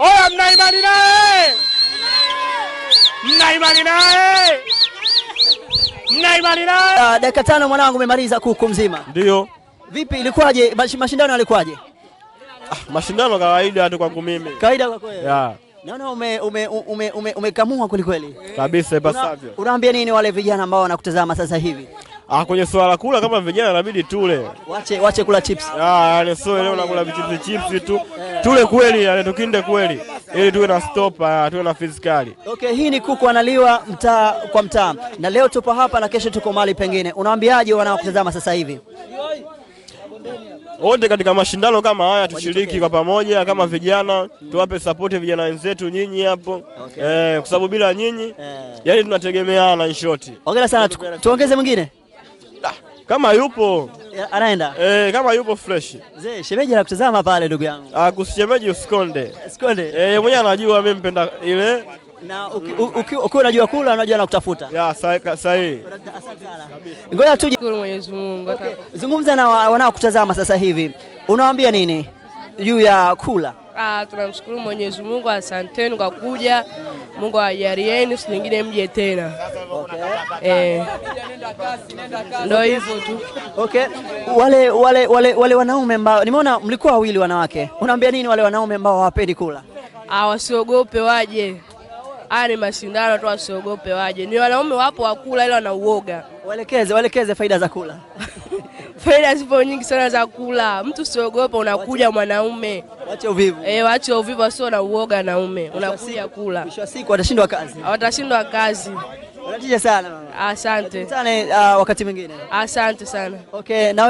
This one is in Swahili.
oya mna imani naye mna imani naye mna imani naye uh, dakika tano mwanangu umemaliza kuku mzima ndio vipi ilikuwaje mashindano yalikuwaje ah, mashindano kawaida tu kwangu mimi kawaida kwa wewe yeah. Naona ume, ume, ume, ume, umekamua kwelikweli kabisa ipasavyo. Unaambia nini wale vijana ambao wanakutazama sasa hivi? Ah, kwenye swala kula kama vijana inabidi tule. Wache wache kula chips. Ah, yani sio leo nakula vichipsi chips tu. Tule kweli, yani tukinde kweli ili tuwe na stopa, ah, tuwe na fizikali. Okay, hii ni kuku analiwa mtaa kwa mtaa. Na leo tupo hapa na kesho tuko mali pengine. Unawaambiaje wanaokutazama sasa hivi? Wote katika mashindano kama haya tushiriki kwa pamoja kama vijana, tuwape support vijana wenzetu nyinyi hapo okay. Eh, kwa sababu bila nyinyi eh, yani tunategemeana in short. Hongera sana, tuongeze mwingine kama yupo anaenda eh, kama yupo fresh. Mzee shemeji anakutazama pale, ndugu yangu. Ah, kushemeji usikonde. usikonde. Eh, mwenyewe anajua mimi mpenda ile na ukiwa unajua kula unajua nakutafuta. Ya sahihi. Ngoja tuje kwa Mwenyezi Mungu. Zungumza na wanaokutazama sasa hivi, unawaambia nini juu ya kula? Ah, tunamshukuru Mwenyezi Mungu, asanteni kwa kuja. Mungu awajalieni, siku nyingine mje tena. Okay. Eh, ndio hivyo tu. Okay. Wale wale wale wale wanaume ambao nimeona mlikuwa wawili wanawake, unaambia nini wale wanaume ambao hawapendi kula? Ah, wasiogope waje. Haya ah, ni mashindano tu, wasiogope waje. Ni wanaume wapo wakula, ila wanauoga. Waelekeze, waelekeze faida za kula faida zipo nyingi sana za kula. Mtu siogopa, unakuja mwanaume, wacha uvivu eh, wacha uvivu, sio na uoga naume, unakuja kula. Mwisho wa siku watashindwa kazi, watashindwa kazi. Unatija sana mama. Asante sana, eh, ah, wakati mwingine. Asante sana. Okay, nawe